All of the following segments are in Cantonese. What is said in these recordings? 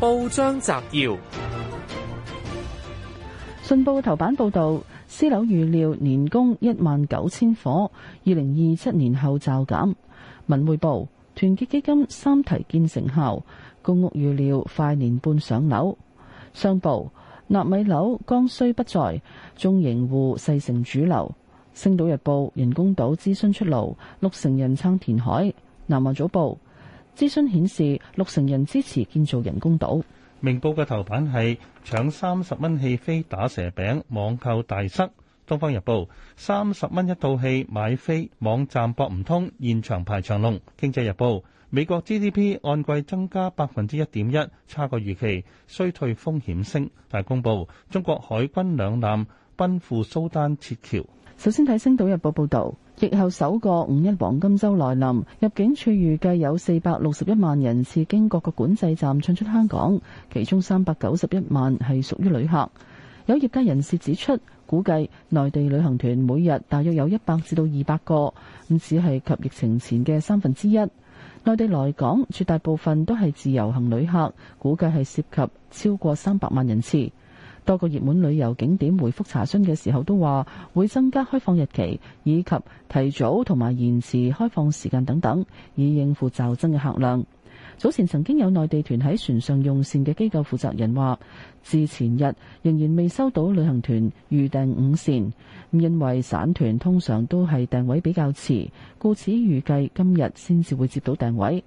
報章摘要：信報頭版報道，私樓預料年供一萬九千伙，二零二七年後驟減。文匯報：團結基金三提建成後，公屋預料快年半上樓。商報：納米樓剛需不在，中型戶勢成主流。星島日報：人工島諮詢出爐，六成人撐填海。南華早報。諮詢顯示六成人支持建造人工島。明報嘅頭版係搶三十蚊戲飛，打蛇餅，網購大塞。東方日報三十蚊一套戲買飛，網站博唔通，現場排長龍。經濟日報美國 GDP 按季增加百分之一點一，差過預期，衰退風險升。大公報中國海軍兩艦奔赴蘇丹撤僑。首先睇《星島日報》報導，疫後首個五一黃金週來臨，入境處預計有四百六十一萬人次經各個管制站進出香港，其中三百九十一萬係屬於旅客。有業界人士指出，估計內地旅行團每日大約有一百至到二百個，咁只係及疫情前嘅三分之一。內地來港絕大部分都係自由行旅客，估計係涉及超過三百萬人次。多個熱門旅遊景點回覆查詢嘅時候都話會增加開放日期，以及提早同埋延遲開放時間等等，以應付驟增嘅客量。早前曾經有內地團喺船上用膳嘅機構負責人話，至前日仍然未收到旅行團預訂午膳，因為散團通常都係訂位比較遲，故此預計今日先至會接到訂位。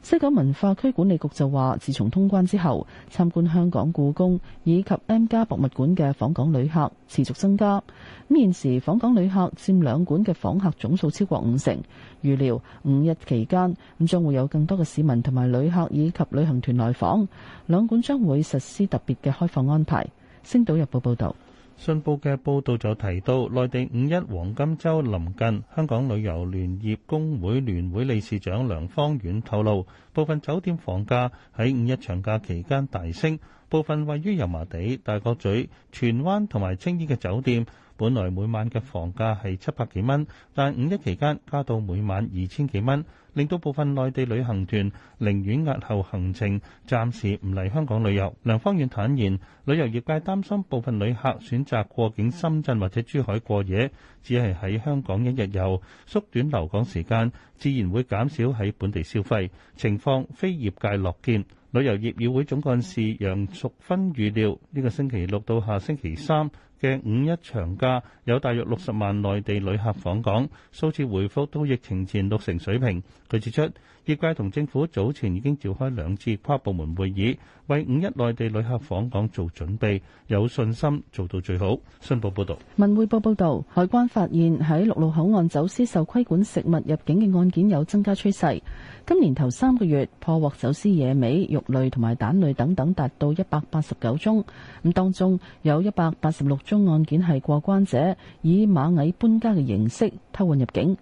西九文化區管理局就話，自從通關之後，參觀香港故宮以及 M+ 博物館嘅訪港旅客持續增加。咁現時訪港旅客佔兩館嘅訪客總數超過五成。預料五日期間咁將會有更多嘅市民同埋旅客以及旅行團來訪，兩館將會實施特別嘅開放安排。《星島日報》報道。信報嘅報導就提到，內地五一黃金周臨近，香港旅遊聯業工會聯會理事長梁芳遠透露，部分酒店房價喺五一長假期間大升，部分位於油麻地、大角咀、荃灣同埋青衣嘅酒店。本來每晚嘅房價係七百幾蚊，但五一期間加到每晚二千幾蚊，令到部分內地旅行團寧願押後行程，暫時唔嚟香港旅遊。梁芳遠坦言，旅遊業界擔心部分旅客選擇過境深圳或者珠海過夜，只係喺香港一日遊，縮短留港時間，自然會減少喺本地消費。情況非業界樂見。旅遊業議會總幹事楊淑芬預料，呢、這個星期六到下星期三嘅五一長假有大約六十萬內地旅客訪港，數字回復到疫情前六成水平。佢指出，業界同政府早前已經召開兩次跨部門會議，為五一內地旅客訪港做準備，有信心做到最好。信報報導。文匯報報導，海關發現喺陸路口岸走私受規管食物入境嘅案件有增加趨勢。今年頭三個月破獲走私野味、肉類同埋蛋類等等達到一百八十九宗，咁當中有一百八十六中案件係過關者以螞蟻搬家嘅形式偷運入境，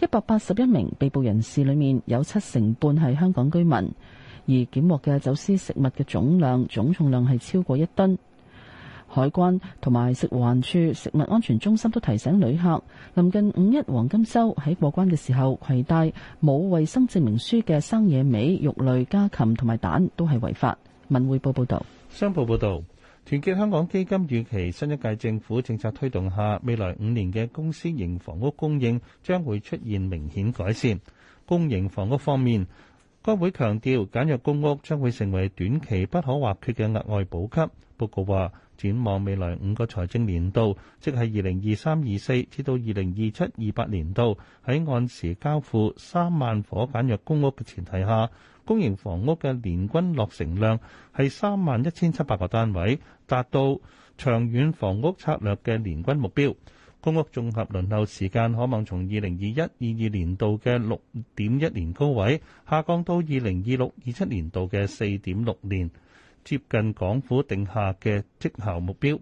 一百八十一名被捕人士裏面，有七成半係香港居民，而檢獲嘅走私食物嘅總量總重量係超過一噸。海關同埋食環署食物安全中心都提醒旅客，臨近五一黃金週喺過關嘅時候，攜帶冇衛生證明書嘅生野味、肉類、家禽同埋蛋都係違法。文匯報報道。商報報導。團結香港基金預期，新一屆政府政策推動下，未來五年嘅公私營房屋供應將會出現明顯改善。公營房屋方面，該會強調簡約公屋將會成為短期不可或缺嘅額外補給。報告話，展望未來五個財政年度，即係二零二三、二四至到二零二七、二八年度，喺按時交付三萬伙簡約公屋嘅前提下，公營房屋嘅年均落成量係三萬一千七百個單位，達到長遠房屋策略嘅年均目標。公屋綜合輪候時間可望從二零二一、二二年度嘅六點一年高位下降到二零二六、二七年度嘅四點六年，接近港府定下嘅績效目標。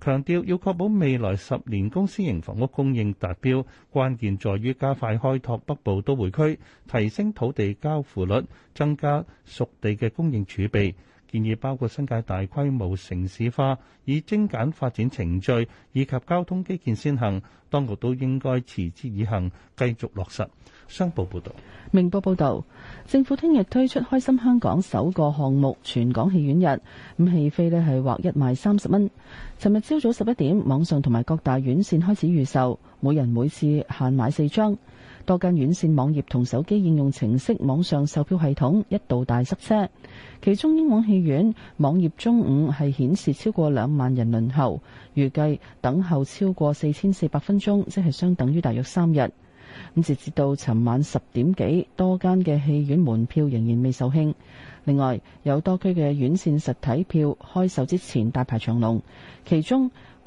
強調要確保未來十年公私型房屋供應達標，關鍵在於加快開拓北部都會區，提升土地交付率，增加熟地嘅供應儲備。建議包括新界大規模城市化，以精簡發展程序，以及交通基建先行，當局都應該持之以恆，繼續落實。商報報道，明報報道：政府聽日推出開心香港首個項目全港戲院日，咁戲飛呢係劃一賣三十蚊。尋日朝早十一點，網上同埋各大院線開始預售，每人每次限買四張。多間院線網頁同手機應用程式網上售票系統一度大塞車，其中英皇戲院網頁中午係顯示超過兩萬人輪候，預計等候超過四千四百分鐘，即係相等於大約三日。咁直至到尋晚十點幾，多間嘅戲院門票仍然未售罄。另外有多區嘅院線實體票開售之前大排長龍，其中。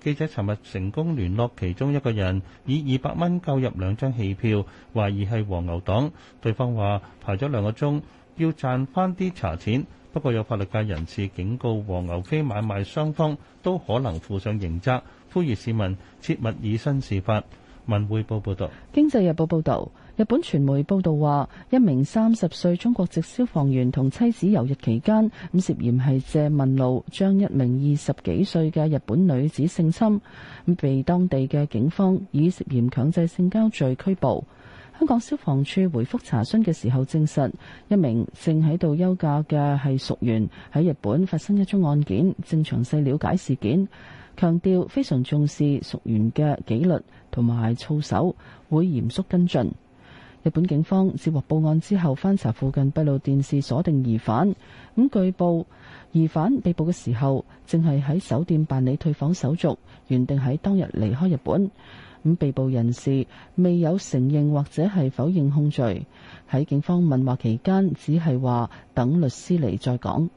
記者尋日成功聯絡其中一個人，以二百蚊購入兩張戲票，懷疑係黃牛黨。對方話排咗兩個鐘，要賺翻啲茶錢。不過有法律界人士警告，黃牛飛買賣雙方都可能負上刑責，呼籲市民切勿以身試法。文匯報報道。經濟日報報導。日本傳媒報道話，一名三十歲中國籍消防員同妻子遊日期間，咁涉嫌係借問路將一名二十幾歲嘅日本女子性侵，被當地嘅警方以涉嫌強制性交罪拘捕。香港消防處回覆查詢嘅時候證實，一名正喺度休假嘅係屬員喺日本發生一宗案件，正詳細了解事件，強調非常重視屬員嘅紀律同埋操守，會嚴肅跟進。日本警方接獲報案之後，翻查附近閉路電視，鎖定疑犯。咁據報，疑犯被捕嘅時候，正係喺酒店辦理退房手續，原定喺當日離開日本。咁被捕人士未有承認或者係否認控罪。喺警方問話期間，只係話等律師嚟再講。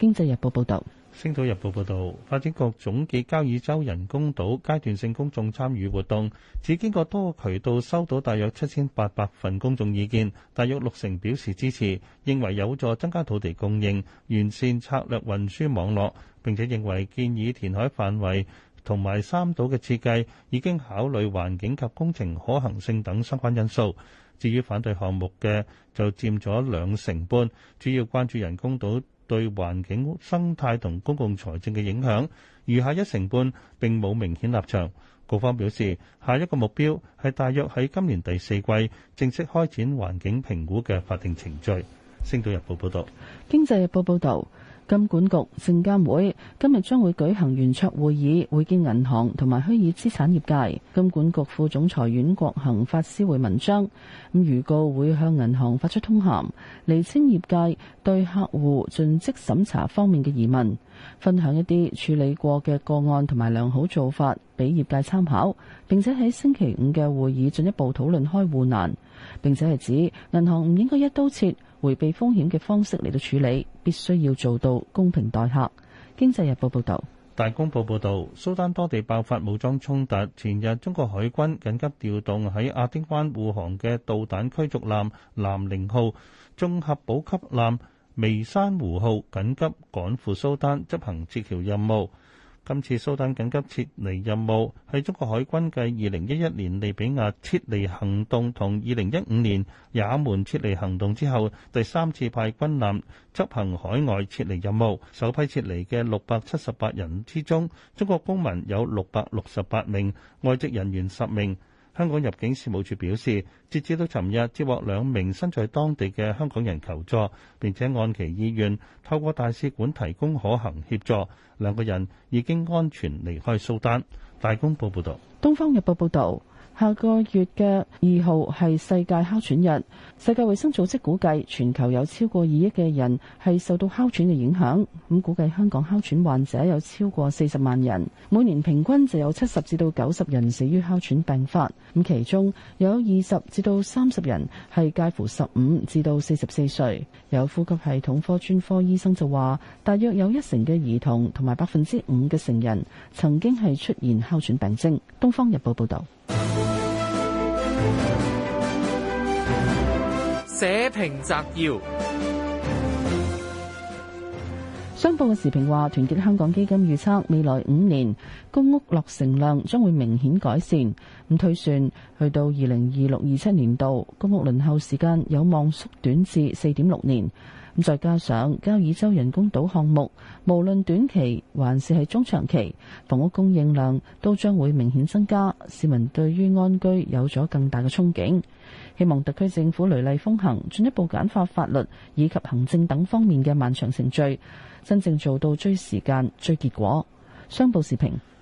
經濟日報報道。星島日報報導，發展局總結交椅洲人工島階段性公眾參與活動，只經過多個渠道收到大約七千八百份公眾意見，大約六成表示支持，認為有助增加土地供應、完善策略運輸網絡，並且認為建議填海範圍同埋三島嘅設計已經考慮環境及工程可行性等相關因素。至於反對項目嘅就佔咗兩成半，主要關注人工島對環境生態同公共財政嘅影響，餘下一成半並冇明顯立場。局方表示，下一個目標係大約喺今年第四季正式開展環境評估嘅法定程序。星島日報報導，經濟日報報導。金管局證監會今日將會舉行圓桌會議，會見銀行同埋虛擬資產業界。金管局副總裁阮國恆發施會文章，咁預告會向銀行發出通函，釐清業界對客戶盡職審查方面嘅疑問，分享一啲處理過嘅個案同埋良好做法俾業界參考，並且喺星期五嘅會議進一步討論開戶難，並且係指銀行唔應該一刀切。回避風險嘅方式嚟到處理，必須要做到公平待客。經濟日報報道，大公報報道，蘇丹多地爆發武裝衝突。前日，中國海軍緊急調動喺亞丁灣護航嘅導彈驅逐艦南寧號、綜合補給艦微山湖號緊趕，緊急趕赴蘇丹執行撤僑任務。今次蘇丹緊急撤離任務係中國海軍繼二零一一年利比亞撤離行動同二零一五年也門撤離行動，之後第三次派軍艦執行海外撤離任務。首批撤離嘅六百七十八人之中，中國公民有六百六十八名，外籍人員十名。香港入境事務處表示，截至到尋日，接獲兩名身在當地嘅香港人求助，並且按其意願透過大使館提供可行協助，兩個人已經安全離開蘇丹。大公報報道。東方日報報道。下個月嘅二號係世界哮喘日。世界衞生組織估計，全球有超過二億嘅人係受到哮喘嘅影響。咁估計香港哮喘患者有超過四十萬人，每年平均就有七十至到九十人死於哮喘病發。咁其中有二十至到三十人係介乎十五至到四十四歲。有呼吸系統科專科醫生就話，大約有一成嘅兒童同埋百分之五嘅成人曾經係出現哮喘病徵。《東方日報》報道。社評摘要。商報嘅時評話，團結香港基金預測，未來五年公屋落成量將會明顯改善。咁推算，去到二零二六、二七年度，公屋輪候時間有望縮短至四點六年。再加上交椅洲人工島項目，無論短期還是係中長期，房屋供應量都將會明顯增加，市民對於安居有咗更大嘅憧憬。希望特區政府雷厲風行，進一步簡化法律以及行政等方面嘅漫長程序，真正做到追時間、追結果。商報時評。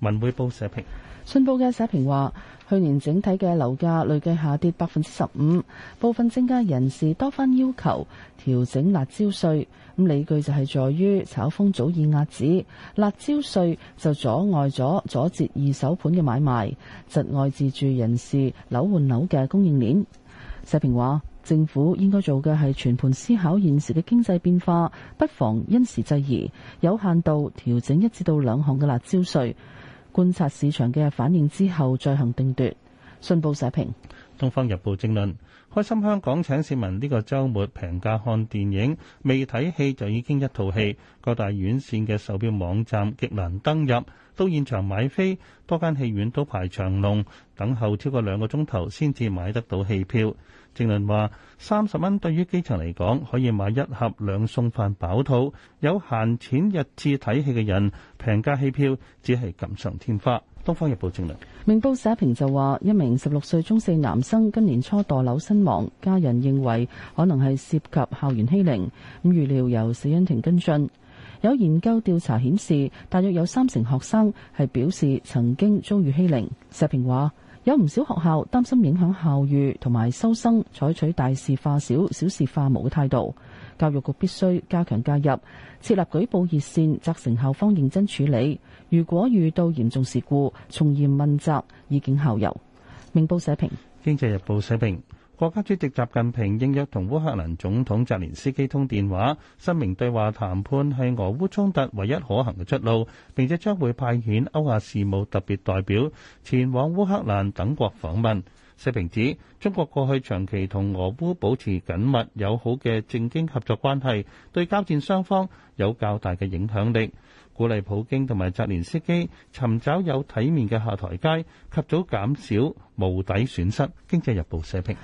文匯報社評，信報嘅社評話，去年整體嘅樓價累計下跌百分之十五，部分增加人士多番要求調整辣椒稅，咁理據就係在於炒風早已遏止，辣椒稅就阻礙咗阻截二手盤嘅買賣，窒礙自住人士樓換樓嘅供應鏈。社評話，政府應該做嘅係全盤思考現時嘅經濟變化，不妨因時制宜，有限度調整一至到兩項嘅辣椒稅。觀察市場嘅反應之後再行定奪。信報社評。《東方日報》正論：開心香港請市民呢個週末平價看電影，未睇戲就已經一套戲。各大院線嘅售票網站極難登入，到現場買飛，多間戲院都排長龍，等候超過兩個鐘頭先至買得到戲票。正論話：三十蚊對於基層嚟講，可以買一盒兩餸飯飽肚；有閒錢日志睇戲嘅人，平價戲票只係錦上添花。《東方日報》正論。明報社評就話：一名十六歲中四男生今年初墮樓身亡，家人認為可能係涉及校園欺凌，咁預料由死因庭跟進。有研究調查顯示，大約有三成學生係表示曾經遭遇欺凌。社評話：有唔少學校擔心影響校譽同埋收生，採取大事化小、小事化無嘅態度。教育局必須加強介入，設立舉報熱線，責成校方認真處理。如果遇到嚴重事故，從嚴問責，以儆效尤。明報社評，經濟日報社評。國家主席習近平應約同烏克蘭總統澤連斯基通電話，聲明對話談判係俄烏衝突唯一可行嘅出路，並且將會派遣歐亞事務特別代表前往烏克蘭等國訪問。社評指，中國過去長期同俄烏保持緊密友好嘅政經合作關係，對交戰雙方有較大嘅影響力，鼓勵普京同埋澤連斯基尋找有體面嘅下台階，及早減少無底損失。經濟日報社評。